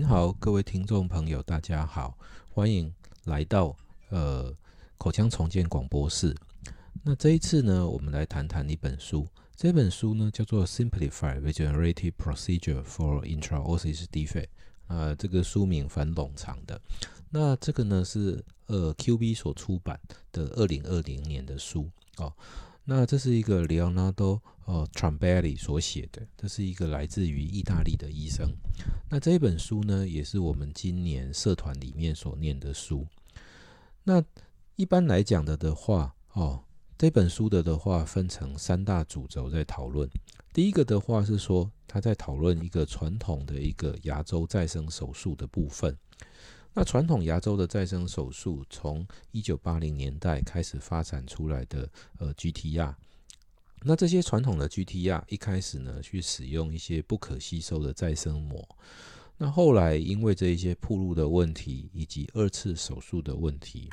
您好，各位聽眾朋友，大家好，歡迎來到呃口腔重建廣播室。那這一次呢，我們來談談一本書，這本書呢叫做《Simplified Regenerative Procedure for Intraosseous Defect》啊 De、呃，這個書名蠻冗長的。那這個呢是呃 QB 所出版的二零二零年的書哦。那這是一個 Leonardo 呃，Trombelli 所寫的，這是一個來自於意大利的醫生。那這一本書呢，也是我們今年社團裡面所念的書。那一般來講的的話，哦，這本書的的話，分成三大主軸在討論。第一個的話是說，他在討論一個傳統的一個牙周再生手術的部分。那傳統牙周的再生手術，從一九八零年代開始發展出來的呃 GTR，那這些傳統的 GTR 一開始呢，去使用一些不可吸收的再生膜，那後來因為這一些暴露的問題以及二次手術的問題，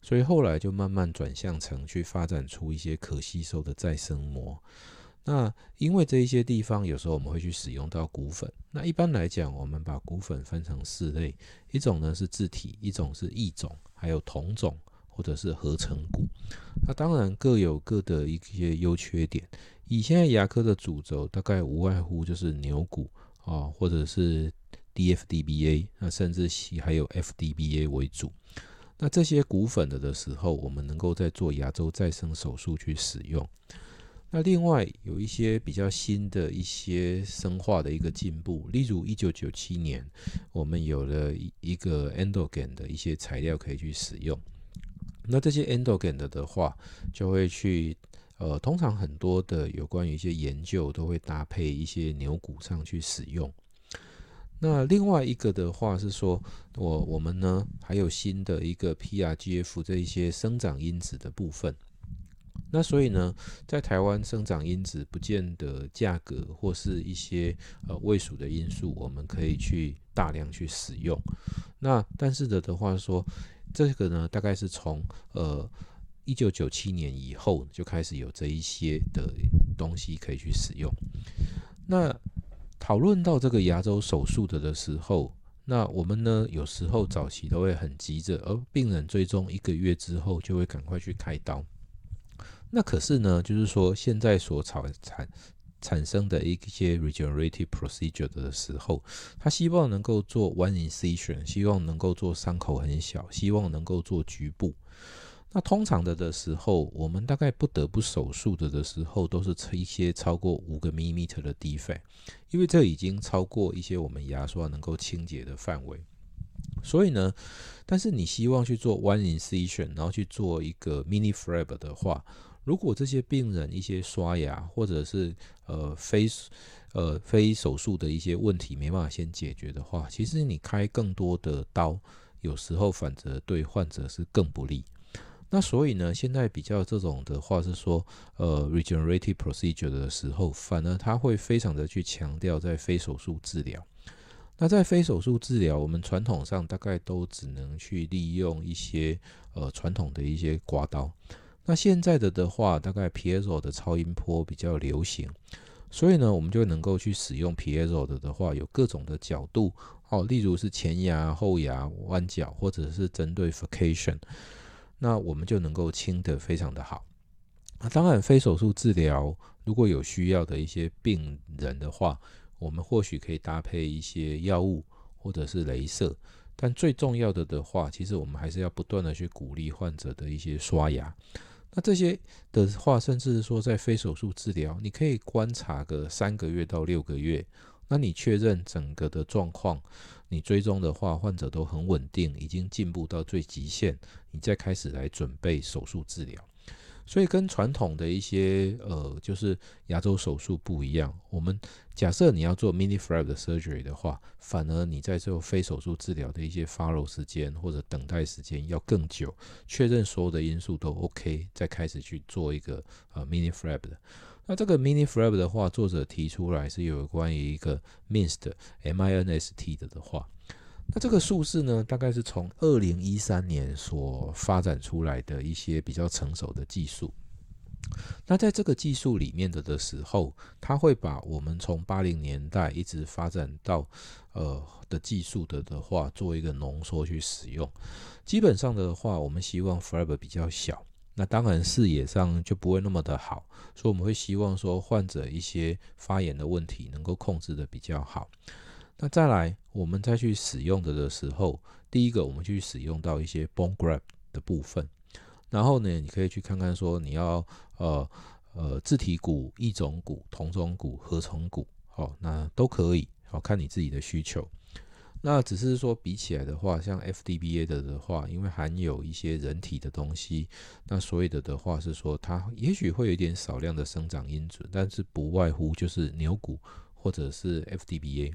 所以後來就慢慢轉向成去發展出一些可吸收的再生膜。那因為這一些地方，有時候我們會去使用到骨粉。那一般來講，我們把骨粉分成四類，一種呢是自體，一種是異種，還有同種或者是合成骨。那當然各有各的一些優缺點。以現在牙科的主軸，大概無外乎就是牛骨啊，或者是 DFDBA，那甚至還有 FDBA 為主。那這些骨粉的的時候，我們能夠在做牙周再生手術去使用。那另外有一些比較新的一些生化的一個進步，例如一九九七年，我們有了一一個 Emdogain 的一些材料可以去使用。那這些 Emdogain 的的話，就會去呃，通常很多的有關於一些研究都會搭配一些牛骨上去使用。那另外一個的話是說，我我們呢還有新的一個 PRGF 這一些生長因子的部分。那所以呢，在台灣生長因子不見得價格或是一些呃未熟的因素，我們可以去大量去使用。那但是的的話說，這個呢大概是從呃一九九七年以後就開始有這一些的東西可以去使用。那討論到這個牙周手術的的時候，那我們呢有時候早期都會很急着，而病人追蹤一個月之後就會趕快去開刀。那可是呢，就是說現在所產產生的一些 regenerative procedure 的時候，它希望能夠做 one incision，希望能夠做傷口很小，希望能夠做局部。那通常的的時候，我們大概不得不手術的的時候，都是超一些超過五個 millimeter 的 defect，因為這已經超過一些我們牙刷能夠清潔的範圍。所以呢，但是你希望去做 one incision，然後去做一個 mini flap 的話，如果這些病人一些刷牙或者是呃非呃非手術的一些問題沒辦法先解決的話，其實你開更多的刀，有時候反則對患者是更不利。那所以呢，現在比較這種的話是說，呃，regenerative procedure 的時候，反而他會非常的去強調在非手術治療。那在非手術治療，我們傳統上大概都只能去利用一些呃傳統的一些刮刀。那現在的的話，大概 Piezo 的超音波比較流行，所以呢，我們就能夠去使用 Piezo 的的話，有各種的角度哦，例如是前牙、後牙、彎角，或者是針對 furcation，那我們就能夠清得非常的好。那當然，非手術治療如果有需要的一些病人的話。我們或許可以搭配一些藥物或者是鐳射，但最重要的的話，其實我們還是要不斷的去鼓勵患者的一些刷牙。那這些的話，甚至是說在非手術治療，你可以觀察個三個月到六個月，那你確認整個的狀況，你追蹤的話，患者都很穩定，已經進步到最極限，你再開始來準備手術治療。所以跟傳統的一些呃，就是牙周手術不一樣。我們假設你要做 mini flap 的 surgery 的話，反而你在做非手術治療的一些 follow 時間或者等待時間要更久，確認所有的因素都 OK，再開始去做一個呃 mini flap 的。那這個 mini flap 的話，作者提出來是有關於一個 MINST M-I-N-S-T 的的話。那這個術式呢，大概是從二零一三年所發展出來的一些比較成熟的技術。那在這個技術裡面的的時候，它會把我們從八零年代一直發展到呃的技術的的話，做一個濃縮去使用。基本上的話，我們希望 flap 比較小，那當然視野上就不會那麼的好，所以我們會希望說患者一些發炎的問題能夠控制得比較好。那再來，我們再去使用的的時候，第一個我們去使用到一些 bone graft 的部分，然後呢，你可以去看看說你要呃呃自體骨、異種骨、同種骨、合成骨，好，那都可以，好，看你自己的需求。那只是說比起來的話，像 FDBA 的的話，因為含有一些人體的東西，那所以的的話是說它也許會有一點少量的生長因子，但是不外乎就是牛骨或者是 FDBA。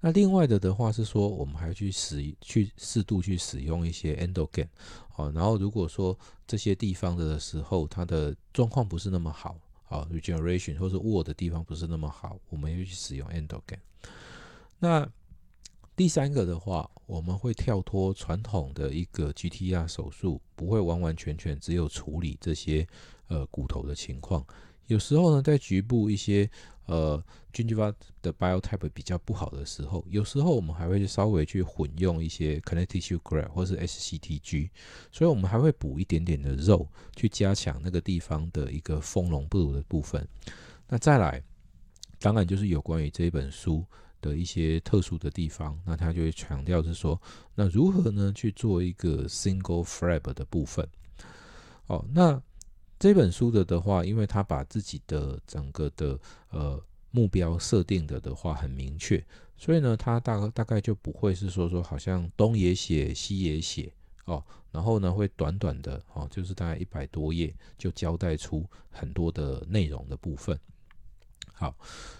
那另外的的話是說，我們還去使去適度去使用一些 Emdogain 好、哦，然後如果說這些地方的時候，它的狀況不是那麼好，好、哦、regeneration 或是 word 的地方不是那麼好，我們要去使用 Emdogain 那第三個的話，我們會跳脫傳統的一個 GTR 手術，不會完完全全只有處理這些呃骨頭的情況。有時候呢，在局部一些呃，gingiva 的 biotype 比較不好的時候，有時候我們還會稍微去混用一些 connective tissue graft 或是 SCTG，所以我們還會補一點點的肉，去加強那個地方的一個豐隆部的部分。那再來，當然就是有關於這一本書的一些特殊的地方，那他就會強調是說，那如何呢去做一個 single flap 的部分？哦，那。這本書的的話，因為他把自己的整個的呃目標設定的的話很明確，所以呢，他大大概就不會是說說好像東也寫西也寫哦，然後呢會短短的哦，就是大概一百多頁就交代出很多的內容的部分。好，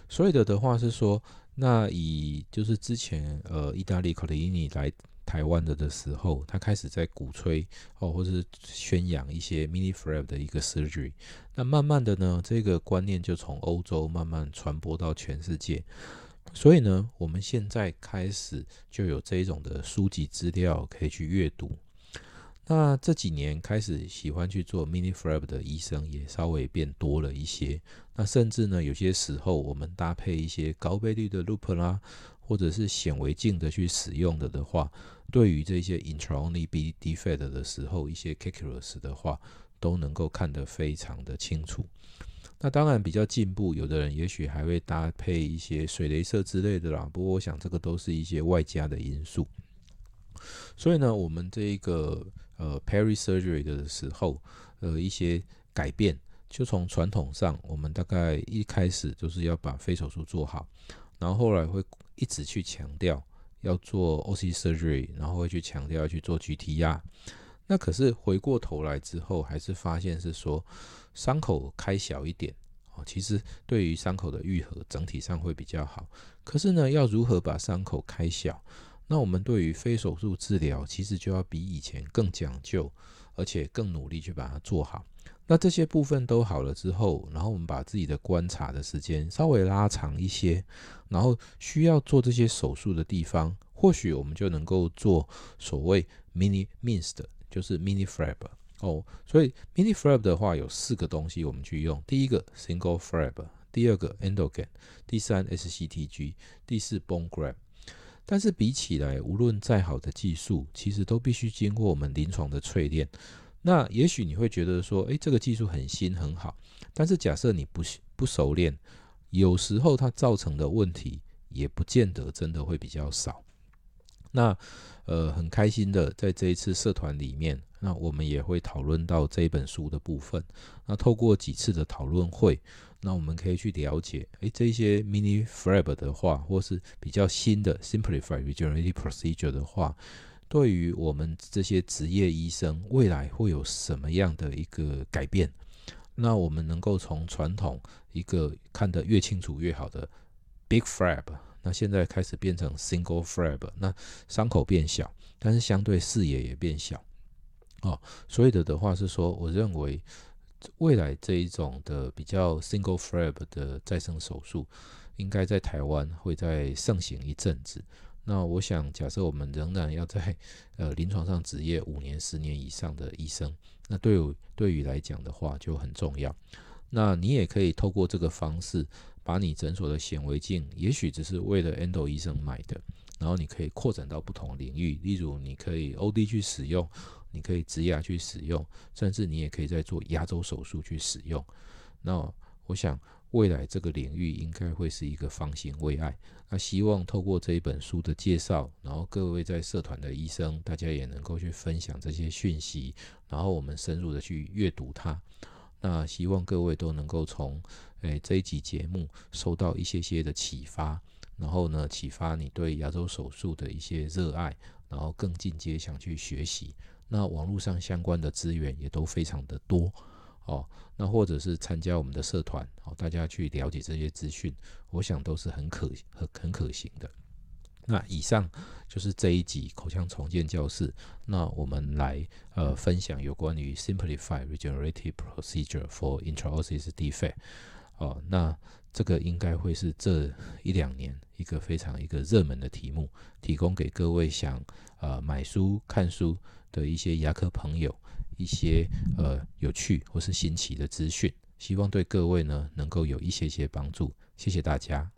所以的的話是說，那以就是之前呃意大利克里尼來。台灣的的時候，他開始在鼓吹哦，或是宣揚一些 mini flap 的一個 surgery。那慢慢的呢，這個觀念就從歐洲慢慢傳播到全世界。所以呢，我們現在開始就有這種的書籍資料可以去閱讀。那這幾年開始喜歡去做 mini flap 的醫生也稍微變多了一些。那甚至呢，有些時候我們搭配一些高倍率的 loop 啦。或者是顯微鏡的去使用的的話，對於這些 intraosseous defect 的時候，一些 calculus 的話都能夠看得非常的清楚。那當然比較進步，有的人也許還會搭配一些水雷射之類的啦。不過我想這個都是一些外加的因素。所以呢，我們這一個呃 perio surgery 的時候，呃一些改變，就從傳統上，我們大概一開始就是要把非手術做好，然後後來會。一直去強調要做 OC surgery，然後會去強調要去做 GTR，那可是回過頭來之後，還是發現是說傷口開小一點哦，其實對於傷口的愈合整體上會比較好。可是呢，要如何把傷口開小？那我們對於非手術治療，其實就要比以前更講究，而且更努力去把它做好。那這些部分都好了之後，然後我們把自己的觀察的時間稍微拉長一些，然後需要做這些手術的地方，或許我們就能夠做所謂 mini minced，就是 mini flap 哦。Oh, 所以 mini flap 的話有四個東西我們去用，第一個 single flap，第二個 endogain，第三 SCTG，第四 bone grab。但是比起來，無論再好的技術，其實都必須經過我們臨床的淬煉。那也許你會覺得說，哎、欸，這個技術很新很好，但是假設你不不熟練，有時候它造成的問題也不見得真的會比較少。那，呃，很開心的在這一次社團裡面，那我們也會討論到這一本書的部分。那透過幾次的討論會，那我們可以去了解，哎、欸，這些 mini flap 的話，或是比較新的 simplified regenerative procedure 的話。對於我們這些職業醫生，未來會有什麼樣的一個改變？那我們能夠從傳統一個看得越清楚越好的 big flap，那現在開始變成 single flap，那傷口變小，但是相對視野也變小。哦，所以的的話是說，我認為未來這一種的比較 single flap 的再生手術，應該在台灣會再盛行一陣子。那我想，假設我們仍然要在呃臨床上執業五年、十年以上的醫生，那對對於來講的話就很重要。那你也可以透過這個方式，把你診所的顯微鏡，也許只是為了 endo 醫生買的，然後你可以擴展到不同領域，例如你可以 OD 去使用，你可以植牙去使用，甚至你也可以在做牙周手術去使用。那我想。未來這個領域應該會是一個方興未艾。那希望透過這一本書的介紹，然後各位在社團的醫生，大家也能夠去分享這些訊息，然後我們深入的去閱讀它。那希望各位都能夠從誒、哎、這一集節目，受到一些些的啟發，然後呢啟發你對牙周手術的一些熱愛，然後更進階想去學習。那網絡上相關的資源也都非常的多哦。那或者是參加我們的社團，好，大家去了解這些資訊，我想都是很可很很可行的。那以上就是這一集口腔重建教室。那我們來呃分享有關於 Simplified Regenerative Procedure for Intraosseous Defect、呃。哦，那這個應該會是這一兩年一個非常一個熱門的題目，提供給各位想呃買書看書的一些牙科朋友。一些呃有趣或是新奇的資訊，希望對各位呢能夠有一些些幫助。謝謝大家。